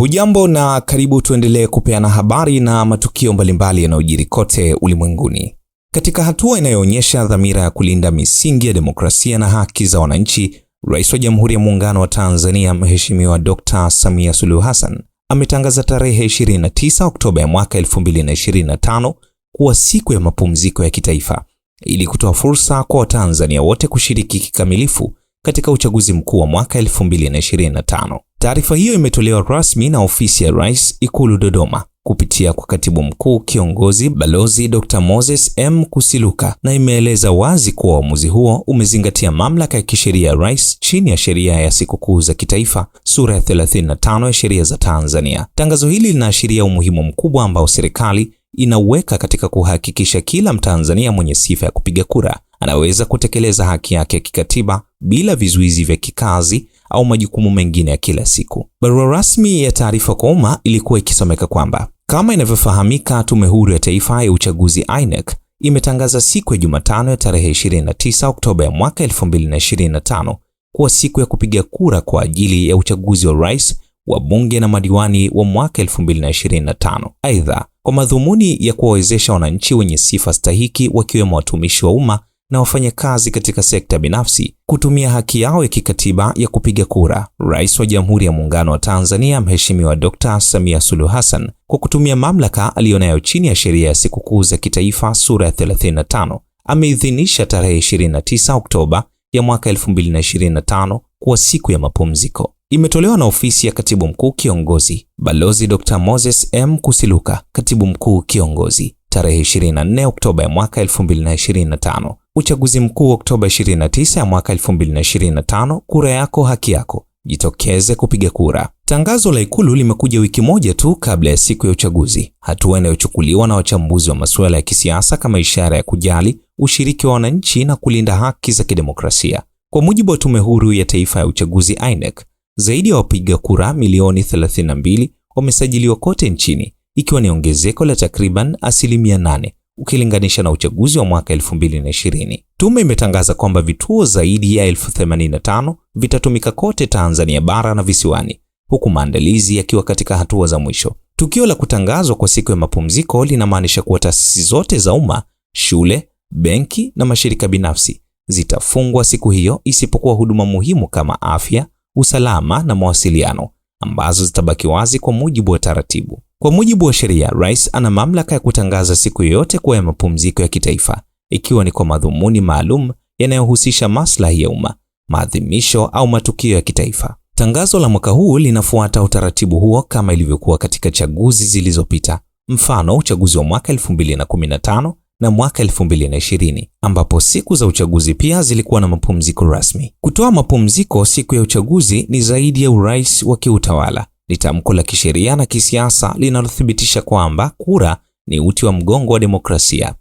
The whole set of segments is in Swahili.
Hujambo na karibu, tuendelee kupeana habari na matukio mbalimbali yanayojiri kote ulimwenguni. Katika hatua inayoonyesha dhamira ya kulinda misingi ya demokrasia na haki za wananchi, Rais wa Jamhuri ya Muungano wa Tanzania Mheshimiwa Dr. Samia Suluhu Hassan ametangaza tarehe 29 Oktoba ya mwaka 2025 kuwa siku ya mapumziko ya kitaifa ili kutoa fursa kwa Watanzania wote kushiriki kikamilifu katika uchaguzi mkuu wa mwaka 2025. Taarifa hiyo imetolewa rasmi na ofisi ya Rais Ikulu Dodoma kupitia kwa Katibu Mkuu Kiongozi Balozi Dr. Moses M. Kusiluka na imeeleza wazi kuwa uamuzi huo umezingatia mamlaka ya kisheria ya rais chini ya sheria ya sikukuu za kitaifa sura ya 35 ya sheria za Tanzania. Tangazo hili linaashiria umuhimu mkubwa ambao serikali inauweka katika kuhakikisha kila Mtanzania mwenye sifa ya kupiga kura anaweza kutekeleza haki yake ya kikatiba bila vizuizi vya kikazi au majukumu mengine ya kila siku. Barua rasmi ya taarifa kwa umma ilikuwa ikisomeka kwamba kama inavyofahamika, Tume Huru ya Taifa ya Uchaguzi INEC imetangaza siku ya Jumatano ya tarehe 29 Oktoba ya mwaka 2025 kuwa siku ya kupiga kura kwa ajili ya uchaguzi wa rais, wa bunge na madiwani wa mwaka 2025. Aidha, kwa madhumuni ya kuwawezesha wananchi wenye sifa stahiki wakiwemo watumishi wa umma na wafanyakazi katika sekta binafsi kutumia haki yao ya kikatiba ya kupiga kura. Rais wa Jamhuri ya Muungano wa Tanzania Mheshimiwa Dr. Samia Suluhu Hassan kwa kutumia mamlaka aliyonayo chini ya sheria ya sikukuu za kitaifa sura ya 35 ameidhinisha tarehe 29 Oktoba ya mwaka 2025 kuwa siku ya mapumziko. Imetolewa na ofisi ya katibu mkuu kiongozi Balozi Dr. Moses M. Kusiluka, katibu mkuu kiongozi, tarehe 24 Oktoba ya mwaka 2025 Uchaguzi Mkuu Oktoba 29 mwaka 2025. Kura yako haki yako, jitokeze kupiga kura. Tangazo la Ikulu limekuja wiki moja tu kabla ya siku ya uchaguzi, hatua inayochukuliwa na wachambuzi wa masuala ya kisiasa kama ishara ya kujali ushiriki wa wananchi na kulinda haki za kidemokrasia. Kwa mujibu wa Tume Huru ya Taifa ya Uchaguzi INEC, zaidi ya wapiga kura milioni 32 wamesajiliwa kote nchini, ikiwa ni ongezeko la takriban asilimia 8 ukilinganisha na uchaguzi wa mwaka 2020. Tume imetangaza kwamba vituo zaidi ya 85 vitatumika kote Tanzania bara na visiwani, huku maandalizi yakiwa katika hatua za mwisho. Tukio la kutangazwa kwa siku ya mapumziko linamaanisha kuwa taasisi zote za umma, shule, benki na mashirika binafsi zitafungwa siku hiyo isipokuwa huduma muhimu kama afya, usalama na mawasiliano ambazo zitabaki wazi kwa mujibu wa taratibu. Kwa mujibu wa sheria, rais ana mamlaka ya kutangaza siku yoyote kuwa ya mapumziko ya kitaifa, ikiwa ni kwa madhumuni maalum yanayohusisha maslahi ya umma, maadhimisho au matukio ya kitaifa. Tangazo la mwaka huu linafuata utaratibu huo kama ilivyokuwa katika chaguzi zilizopita, mfano uchaguzi wa mwaka 2015 na mwaka 2020 ambapo siku za uchaguzi pia zilikuwa na mapumziko rasmi. Kutoa mapumziko siku ya uchaguzi ni zaidi ya urais wa kiutawala, ni tamko la kisheria na kisiasa linalothibitisha kwamba kura ni uti wa mgongo wa demokrasia.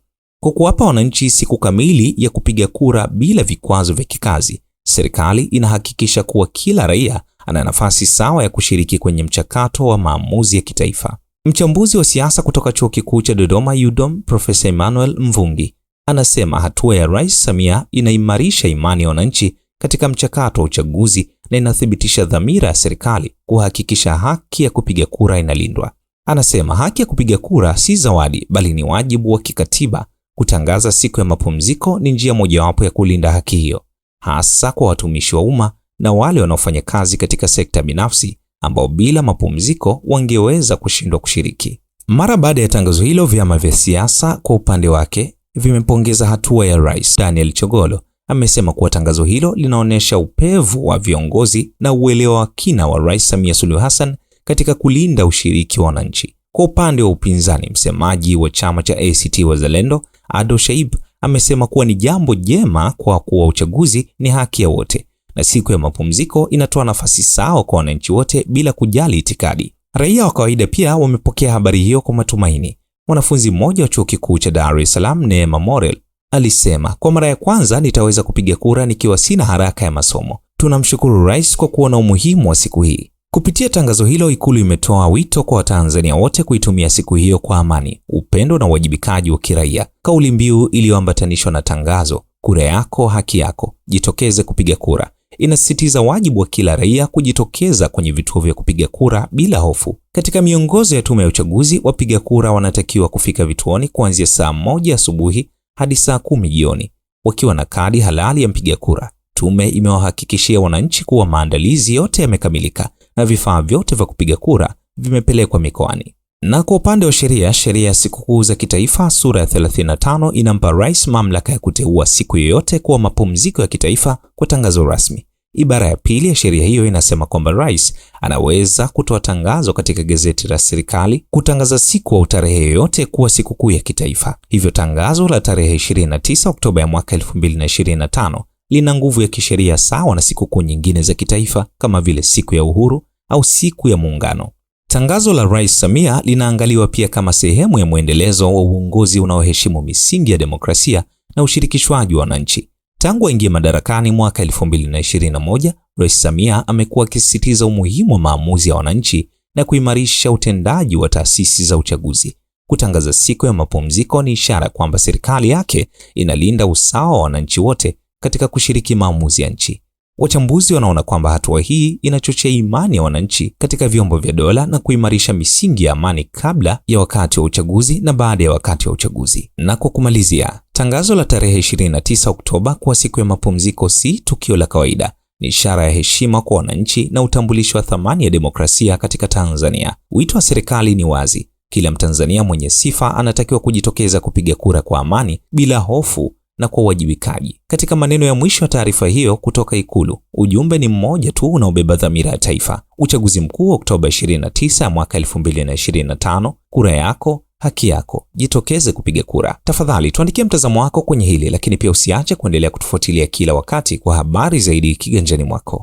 Kwa kuwapa wananchi siku kamili ya kupiga kura bila vikwazo vya kikazi, serikali inahakikisha kuwa kila raia ana nafasi sawa ya kushiriki kwenye mchakato wa maamuzi ya kitaifa. Mchambuzi wa siasa kutoka Chuo Kikuu cha Dodoma UDOM, Profesa Emmanuel Mvungi anasema hatua ya Rais Samia inaimarisha imani ya wananchi katika mchakato wa uchaguzi na inathibitisha dhamira ya serikali kuhakikisha haki ya kupiga kura inalindwa. Anasema haki ya kupiga kura si zawadi, bali ni wajibu wa kikatiba. Kutangaza siku ya mapumziko ni njia mojawapo ya kulinda haki hiyo, hasa kwa watumishi wa umma na wale wanaofanya kazi katika sekta binafsi ambao bila mapumziko wangeweza kushindwa kushiriki. Mara baada ya tangazo hilo, vyama vya siasa kwa upande wake vimepongeza hatua ya Rais Daniel Chogolo amesema kuwa tangazo hilo linaonyesha upevu wa viongozi na uelewa wa kina wa Rais Samia Suluhu Hassan katika kulinda ushiriki wa wananchi. Kwa upande wa upinzani, msemaji wa chama cha ACT Wazalendo Ado Shaib amesema kuwa ni jambo jema kwa kuwa uchaguzi ni haki ya wote na siku ya mapumziko inatoa nafasi sawa kwa wananchi wote bila kujali itikadi. Raia wa kawaida pia wamepokea habari hiyo kwa matumaini. Mwanafunzi mmoja wa chuo kikuu cha Dar es Salaam, Neema Morel, alisema, kwa mara ya kwanza nitaweza kupiga kura nikiwa sina haraka ya masomo. Tunamshukuru rais kwa kuona umuhimu wa siku hii. Kupitia tangazo hilo, Ikulu imetoa wito kwa Watanzania wote kuitumia siku hiyo kwa amani, upendo na uwajibikaji wa kiraia, kauli mbiu iliyoambatanishwa na tangazo, kura yako haki yako, jitokeze kupiga kura inasisitiza wajibu wa kila raia kujitokeza kwenye vituo vya kupiga kura bila hofu. Katika miongozo ya Tume ya Uchaguzi, wapiga kura wanatakiwa kufika vituoni kuanzia saa moja asubuhi hadi saa kumi jioni wakiwa na kadi halali ya mpiga kura. Tume imewahakikishia wananchi kuwa maandalizi yote yamekamilika na vifaa vyote vya kupiga kura vimepelekwa mikoani. Na kwa upande wa sheria, sheria ya sikukuu za kitaifa sura ya 35 inampa rais mamlaka ya kuteua siku yoyote kuwa mapumziko ya kitaifa kwa tangazo rasmi. Ibara ya pili ya sheria hiyo inasema kwamba rais anaweza kutoa tangazo katika gazeti la serikali kutangaza siku au tarehe yoyote kuwa sikukuu ya kitaifa. Hivyo tangazo la tarehe 29 Oktoba ya mwaka 2025 lina nguvu ya kisheria sawa na sikukuu nyingine za kitaifa kama vile siku ya uhuru au siku ya Muungano. Tangazo la Rais Samia linaangaliwa pia kama sehemu ya mwendelezo wa uongozi unaoheshimu misingi ya demokrasia na ushirikishwaji wa wananchi. Tangu aingie madarakani mwaka 2021, Rais Samia amekuwa akisisitiza umuhimu wa maamuzi ya wananchi na kuimarisha utendaji wa taasisi za uchaguzi. Kutangaza siku ya mapumziko ni ishara kwamba serikali yake inalinda usawa wa wananchi wote katika kushiriki maamuzi ya nchi. Wachambuzi wanaona kwamba hatua hii inachochea imani ya wananchi katika vyombo vya dola na kuimarisha misingi ya amani kabla ya wakati wa uchaguzi na baada ya wakati wa uchaguzi. Na kwa kumalizia, Tangazo la tarehe 29 Oktoba kuwa siku ya mapumziko si tukio la kawaida. Ni ishara ya heshima kwa wananchi na utambulisho wa thamani ya demokrasia katika Tanzania. Wito wa serikali ni wazi. Kila Mtanzania mwenye sifa anatakiwa kujitokeza kupiga kura kwa amani, bila hofu na kwa uwajibikaji. Katika maneno ya mwisho ya taarifa hiyo kutoka Ikulu, ujumbe ni mmoja tu unaobeba dhamira ya taifa: uchaguzi mkuu Oktoba 29 mwaka 2025. Kura yako haki yako, jitokeze kupiga kura. Tafadhali tuandikie mtazamo wako kwenye hili, lakini pia usiache kuendelea kutufuatilia kila wakati kwa habari zaidi kiganjani mwako.